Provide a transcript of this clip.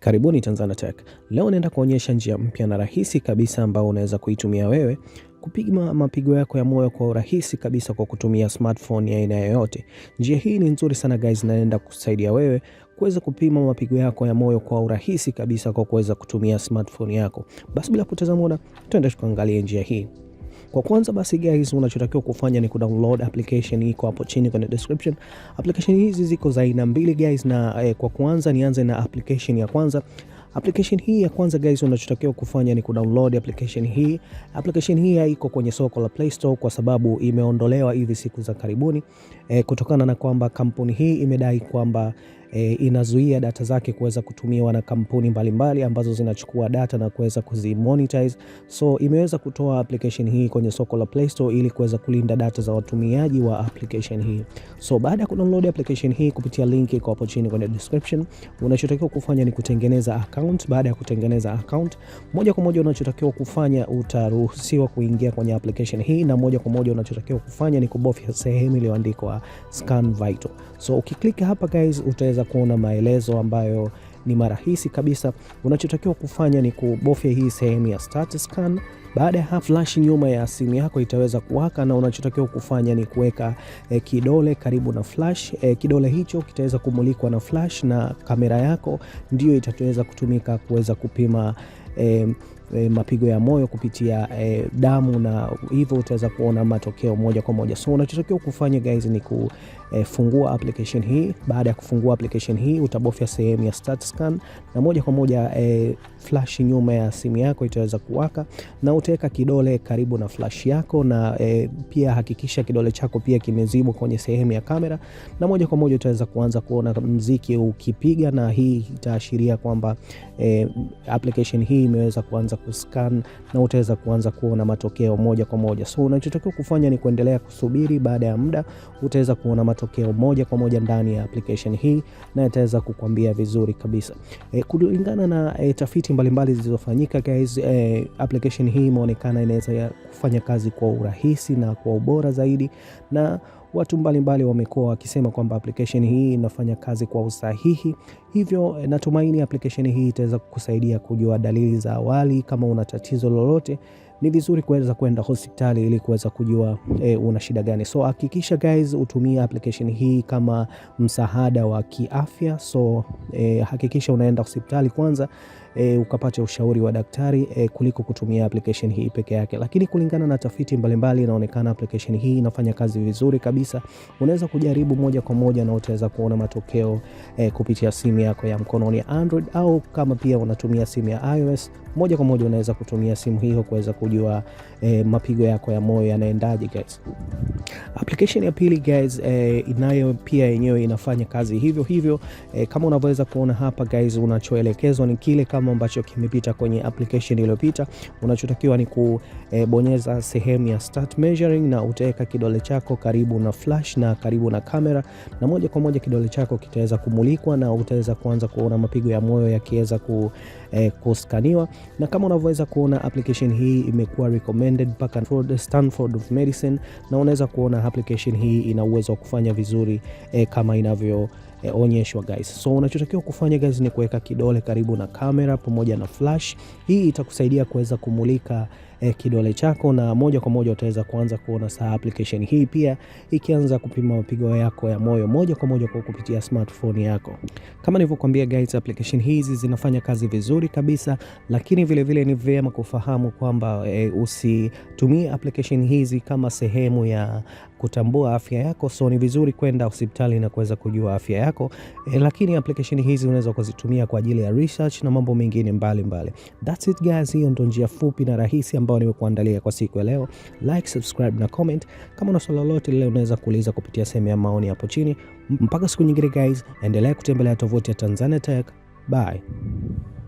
Karibuni Tanzania Tech. Leo naenda kuonyesha njia mpya na rahisi kabisa ambao unaweza kuitumia wewe kupima mapigo yako ya moyo kwa urahisi kabisa kwa kutumia smartphone ya aina yoyote. Njia hii ni nzuri sana guys, na naenda kusaidia wewe kuweza kupima mapigo yako ya moyo kwa urahisi kabisa kwa kuweza kutumia smartphone yako. Basi bila kupoteza muda, tuende tukaangalie njia hii. Kwa kwanza basi guys, unachotakiwa kufanya ni kudownload application, iko hapo chini kwenye description. Application hizi ziko za aina mbili guys, na eh, kwa kwanza nianze na application ya kwanza Application hii ya kwanza guys, unachotakiwa kufanya ni kudownload application hii. Application hii haiko kwenye soko la Play Store kwa sababu imeondolewa hivi siku za karibuni e, kutokana na kwamba kampuni hii imedai kwamba e, inazuia data zake kuweza kutumiwa na kampuni mbalimbali mbali, ambazo zinachukua data na kuweza kuzimonetize. So imeweza kutoa application hii kwenye soko la Play Store ili kuweza kulinda data za watumiaji wa application hii. So baada ya kudownload application hii kupitia link iko hapo chini kwenye description, unachotakiwa kufanya ni kutengeneza account account. Baada ya kutengeneza account, moja kwa moja unachotakiwa kufanya, utaruhusiwa kuingia kwenye application hii, na moja kwa moja unachotakiwa kufanya ni kubofya sehemu iliyoandikwa scan vital. So ukiklik hapa guys, utaweza kuona maelezo ambayo ni marahisi kabisa. Unachotakiwa kufanya ni kubofya hii sehemu ya start scan baada ya flash nyuma ya simu yako itaweza kuwaka na unachotakiwa kufanya ni kuweka e, kidole karibu na flash e, kidole hicho kitaweza kumulikwa na flash na kamera yako ndio itaweza kutumika kuweza kupima E, e, mapigo ya moyo kupitia e, damu na hivyo utaweza kuona matokeo moja kwa moja. So unachotakiwa kufanya guys ni kufungua application hii. Baada ya kufungua application hii utabofya sehemu ya start scan na moja kwa moja e, flash nyuma ya simu yako itaweza kuwaka na uteka kidole karibu na flash yako na e, pia hakikisha kidole chako pia kimezibwa kwenye sehemu ya kamera, na moja kwa moja utaweza kuanza kuona mziki ukipiga, na hii itaashiria kwamba e, application hii imeweza kuanza kuscan na utaweza kuanza kuona matokeo moja kwa moja. So unachotakiwa kufanya ni kuendelea kusubiri, baada ya muda utaweza kuona matokeo moja kwa moja ndani ya application hii na itaweza kukwambia vizuri kabisa. E, kulingana na e, tafiti mbalimbali zilizofanyika guys, e, application hii imeonekana inaweza kufanya kazi kwa urahisi na kwa ubora zaidi, na watu mbalimbali wamekuwa wakisema kwamba application hii inafanya kazi kwa usahihi. Hivyo eh, natumaini application hii itaweza kukusaidia kujua dalili za awali kama una tatizo lolote ni vizuri kuweza kwenda hospitali ili kuweza kujua e, una shida gani. So hakikisha guys utumia application hii kama msaada wa kiafya. So e, hakikisha unaenda hospitali kwanza e, eh, ukapata ushauri wa daktari e, kuliko kutumia application hii peke yake. Lakini kulingana na tafiti mbalimbali, inaonekana application hii inafanya kazi vizuri kabisa. Unaweza kujaribu moja kwa moja na utaweza kuona matokeo e, kupitia simu yako ya mkononi ya Android au kama pia unatumia simu ya iOS, moja kwa moja unaweza kutumia simu hiyo kuweza ku kujua eh, mapigo yako ya moyo yanaendaje guys. Application ya pili guys, eh, inayo pia yenyewe inafanya kazi hivyo hivyo eh, kama unavyoweza kuona hapa guys, unachoelekezwa ni kile kama ambacho kimepita kwenye application iliyopita. Unachotakiwa ni kubonyeza eh, sehemu ya start measuring na utaweka kidole chako karibu na flash na karibu na kamera, na moja kwa moja kidole chako kitaweza kumulikwa na utaweza kuanza kuona mapigo ya moyo yakiweza ku, eh, kuskaniwa na kama unavyoweza kuona application hii imekuwa recommended mpaka Stanford of Medicine na unaweza kuona kuona application hii ina uwezo wa kufanya vizuri e, kama inavyo E, onyeshwa guys. So unachotakiwa kufanya guys ni kuweka kidole karibu na kamera pamoja na flash. Hii itakusaidia kuweza kumulika eh, kidole chako na moja kwa moja utaweza kuanza kuona saa application hii pia ikianza kupima mapigo yako ya moyo moja kwa moja kwa kupitia smartphone yako. Kama nilivyokuambia guys, application hizi zinafanya kazi vizuri kabisa, lakini vile vile ni vyema kufahamu kwamba eh, usitumie application hizi kama sehemu ya kutambua afya yako, so ni vizuri kwenda hospitali na kuweza kujua afya yako eh, lakini application hizi unaweza kuzitumia kwa ajili ya research na mambo mengine mbalimbali. That's it guys, hiyo ndo njia fupi na rahisi ambao nimekuandalia kwa siku ya leo. Like, subscribe na comment. Kama una swali lolote lile unaweza kuuliza kupitia sehemu ya maoni hapo chini. Mpaka siku nyingine guys, endelea kutembelea tovuti ya Tanzania Tech. Bye.